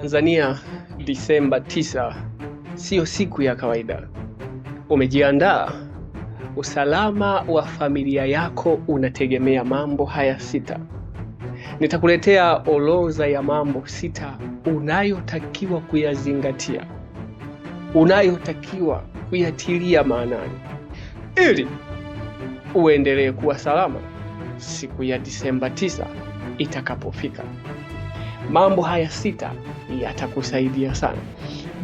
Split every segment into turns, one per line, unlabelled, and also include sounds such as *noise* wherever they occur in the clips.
Tanzania, Disemba 9 siyo siku ya kawaida. Umejiandaa? Usalama wa familia yako unategemea mambo haya sita. Nitakuletea orodha ya mambo sita unayotakiwa kuyazingatia, unayotakiwa kuyatilia maanani ili uendelee kuwa salama siku ya Disemba 9 itakapofika. Mambo haya sita yatakusaidia sana.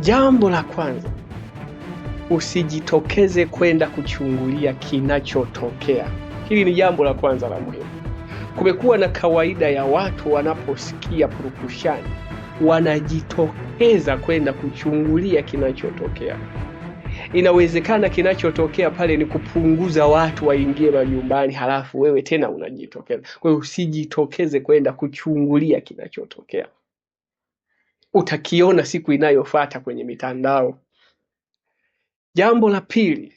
Jambo la kwanza, usijitokeze kwenda kuchungulia kinachotokea. Hili ni jambo la kwanza la muhimu. Kumekuwa na kawaida ya watu wanaposikia purukushani wanajitokeza kwenda kuchungulia kinachotokea inawezekana kinachotokea pale ni kupunguza watu waingie majumbani, halafu wewe tena unajitokeza. Kwa hiyo usijitokeze kwenda kuchungulia kinachotokea, utakiona siku inayofuata kwenye mitandao. Jambo la pili,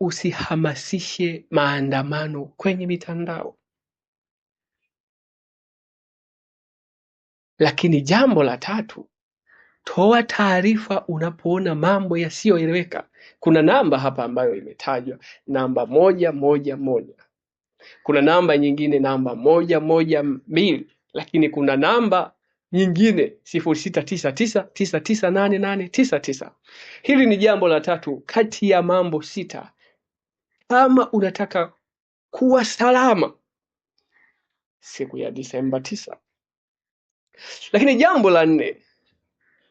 usihamasishe maandamano kwenye mitandao. Lakini jambo la tatu, toa taarifa unapoona mambo yasiyoeleweka. Kuna namba hapa ambayo imetajwa, namba moja moja moja. Kuna namba nyingine namba moja moja mbili, lakini kuna namba nyingine sifuri sita tisa tisa tisa tisa nane nane tisa tisa. Hili ni jambo la tatu kati ya mambo sita. Kama unataka kuwa salama siku ya Disemba tisa. Lakini jambo la nne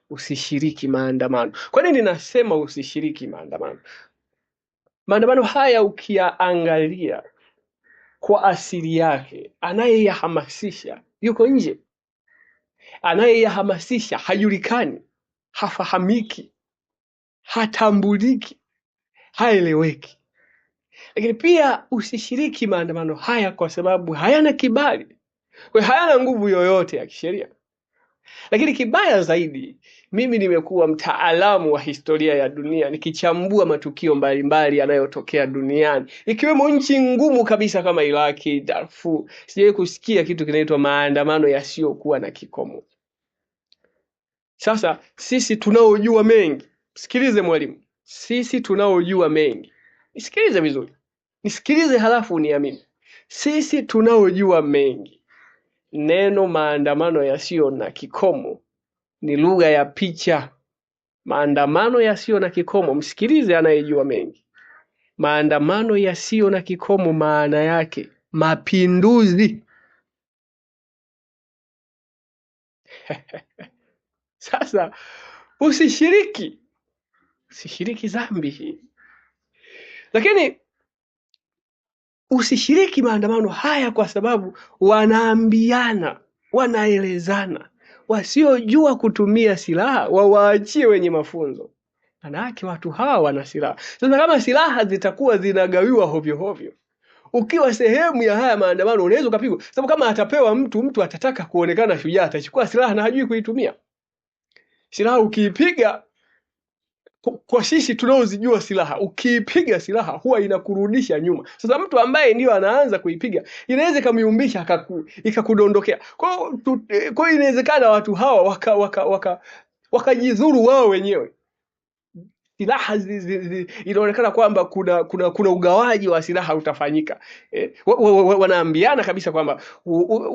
usishiriki maandamano. Kwa nini ninasema usishiriki maandamano? Maandamano haya ukiyaangalia kwa asili yake, anayeyahamasisha yuko nje, anayeyahamasisha hajulikani, hafahamiki, hatambuliki, haeleweki. Lakini pia usishiriki maandamano haya kwa sababu hayana kibali, kwa hayana nguvu yoyote ya kisheria. Lakini kibaya zaidi, mimi nimekuwa mtaalamu wa historia ya dunia nikichambua matukio mbalimbali yanayotokea duniani ikiwemo nchi ngumu kabisa kama Iraki, darfu sijawai kusikia kitu kinaitwa maandamano yasiyokuwa na kikomo. Sasa sisi tunaojua mengi, msikilize mwalimu, sisi tunaojua mengi, nisikilize vizuri, nisikilize halafu uniamini. Sisi tunaojua mengi Neno maandamano yasiyo na kikomo ni lugha ya picha. Maandamano yasiyo na kikomo, msikilize anayejua mengi. Maandamano yasiyo na kikomo maana yake mapinduzi. *laughs* Sasa usishiriki, usishiriki dhambi hii, lakini usishiriki maandamano haya kwa sababu wanaambiana, wanaelezana, wasiojua kutumia silaha wawaachie wenye mafunzo. Maanake watu hawa wana silaha. Sasa kama silaha zitakuwa zinagawiwa hovyo hovyo, ukiwa sehemu ya haya maandamano unaweza ukapigwa, sababu kama atapewa mtu, mtu atataka kuonekana shujaa, atachukua silaha na hajui kuitumia. Silaha ukiipiga kwa sisi tunaozijua silaha, ukiipiga silaha huwa inakurudisha nyuma. Sasa mtu ambaye ndio anaanza kuipiga inaweza ikamyumbisha ikakudondokea. Eh, kwa hiyo inawezekana watu hawa wakajidhuru waka, waka, waka wao wenyewe silaha inaonekana kwamba kuna kuna kuna ugawaji wa silaha utafanyika eh, wanaambiana kabisa kwamba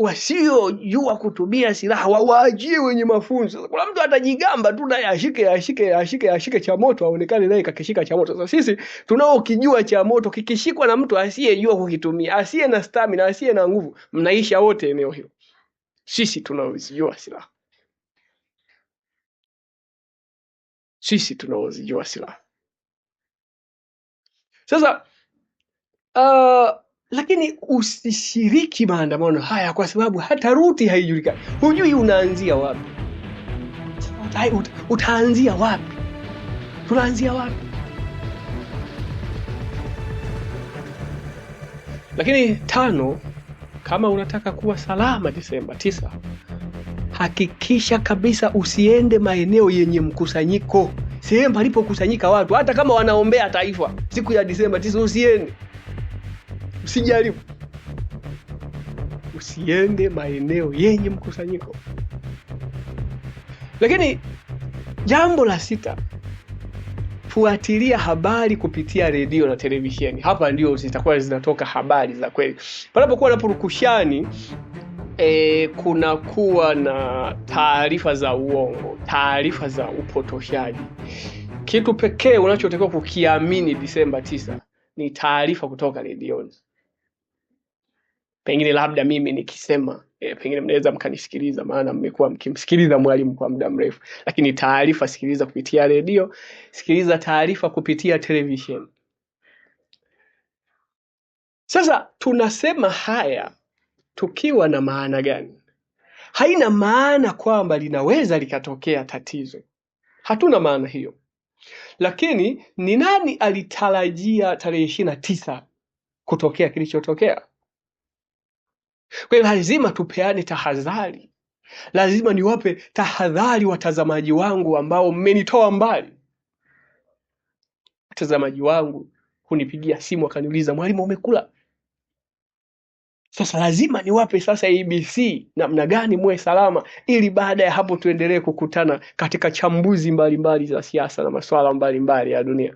wasiojua kutumia silaha wawaajie wenye mafunzo. Kuna mtu atajigamba tu naye ashike ashike ashike ashike cha moto aonekane naye kakishika cha moto. Sasa sisi tunaokijua cha moto kikishikwa na mtu asiyejua kukitumia, asiye na stamina, asiye na nguvu, mnaisha wote eneo hilo. Sisi tunaozijua silaha sisi tunaozijua silaha. Sasa uh, lakini usishiriki maandamano haya kwa sababu hata ruti haijulikani, hujui unaanzia wapi, utaanzia wapi, tunaanzia wapi. Lakini tano, kama unataka kuwa salama Desemba tisa hakikisha kabisa usiende maeneo yenye mkusanyiko, sehemu palipokusanyika watu, hata kama wanaombea taifa siku ya Disemba tisa, usiende, usijaribu, usiende maeneo yenye mkusanyiko. Lakini jambo la sita, fuatilia habari kupitia redio na televisheni. Hapa ndio zitakuwa zinatoka habari za kweli. Panapokuwa na purukushani e, eh, kuna kuwa na taarifa za uongo, taarifa za upotoshaji. Kitu pekee unachotakiwa kukiamini Disemba tisa ni taarifa kutoka redioni. Pengine labda mimi nikisema e, pengine mnaweza mkanisikiliza, maana mmekuwa mkimsikiliza mwalimu kwa muda mrefu, lakini taarifa, sikiliza kupitia redio, sikiliza taarifa kupitia televisheni. Sasa tunasema haya tukiwa na maana gani? Haina maana kwamba linaweza likatokea tatizo, hatuna maana hiyo. Lakini ni nani alitarajia tarehe ishirini na tisa kutokea kilichotokea? Kwa hiyo lazima tupeane tahadhari, lazima niwape tahadhari watazamaji wangu ambao mmenitoa mbali. Watazamaji wangu hunipigia simu wakaniuliza, mwalimu, umekula? Sasa lazima niwape sasa ABC namna gani muwe salama, ili baada ya hapo tuendelee kukutana katika chambuzi mbalimbali za siasa na masuala mbalimbali ya dunia.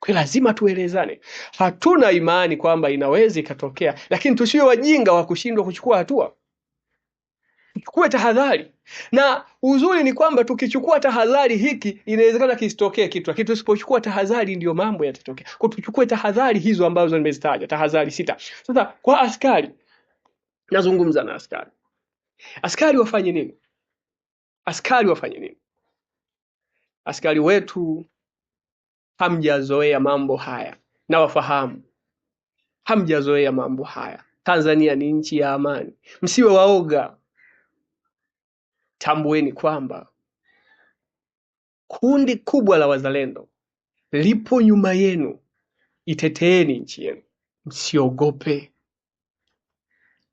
Kwa lazima tuelezane. Hatuna imani kwamba inaweza ikatokea, lakini tusiwe wajinga wa kushindwa kuchukua hatua chukue tahadhari na uzuri ni kwamba tukichukua tahadhari hiki inawezekana kisitokee kitu lakini tusipochukua tahadhari ndio mambo yatatokea kwa tuchukue tahadhari hizo ambazo nimezitaja tahadhari sita sasa kwa askari nazungumza na askari askari wafanye nini askari wafanye nini askari wetu hamjazoea mambo haya na wafahamu hamjazoea mambo haya tanzania ni nchi ya amani msiwe waoga Tambueni kwamba kundi kubwa la wazalendo lipo nyuma yenu iteteeni nchi yenu msiogope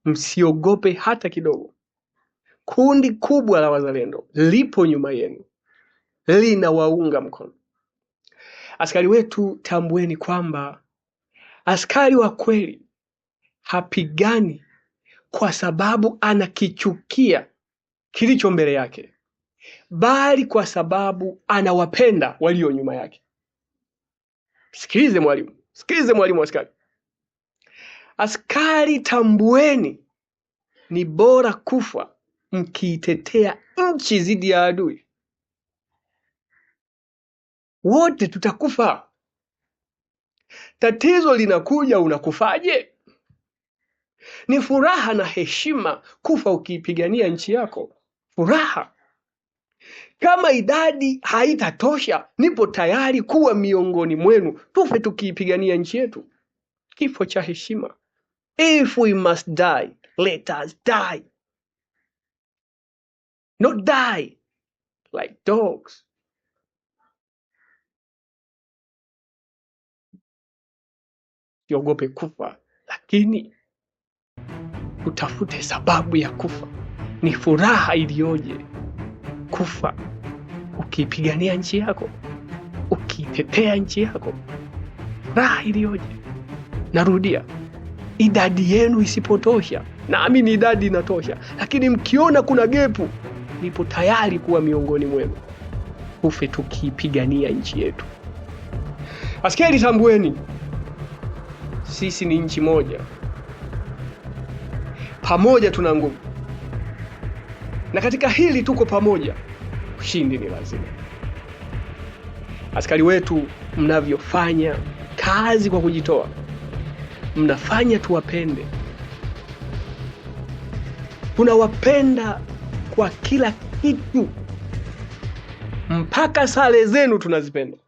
msiogope hata kidogo kundi kubwa la wazalendo lipo nyuma yenu linawaunga mkono askari wetu tambueni kwamba askari wa kweli hapigani kwa sababu anakichukia kilicho mbele yake, bali kwa sababu anawapenda walio nyuma yake. Sikilize mwalimu, sikilize mwalimu, askari, askari, tambueni, ni bora kufa mkiitetea nchi dhidi ya adui. Wote tutakufa. Tatizo linakuja, unakufaje? Ni furaha na heshima kufa ukiipigania nchi yako furaha. Kama idadi haitatosha, nipo tayari kuwa miongoni mwenu, tufe tukiipigania nchi yetu, kifo cha heshima. If we must die, let us die, not die like dogs. Siogope kufa, lakini utafute sababu ya kufa. Ni furaha iliyoje kufa ukiipigania nchi yako, ukiitetea nchi yako, furaha iliyoje! Narudia, idadi yenu isipotosha, naamini idadi inatosha, lakini mkiona kuna gepu, nipo tayari kuwa miongoni mwenu, kufe tukiipigania nchi yetu. Askari, tambueni, sisi ni nchi moja, pamoja tuna nguvu na katika hili tuko pamoja, ushindi ni lazima. Askari wetu, mnavyofanya kazi kwa kujitoa, mnafanya tuwapende. Tunawapenda kwa kila kitu, mpaka sare zenu tunazipenda.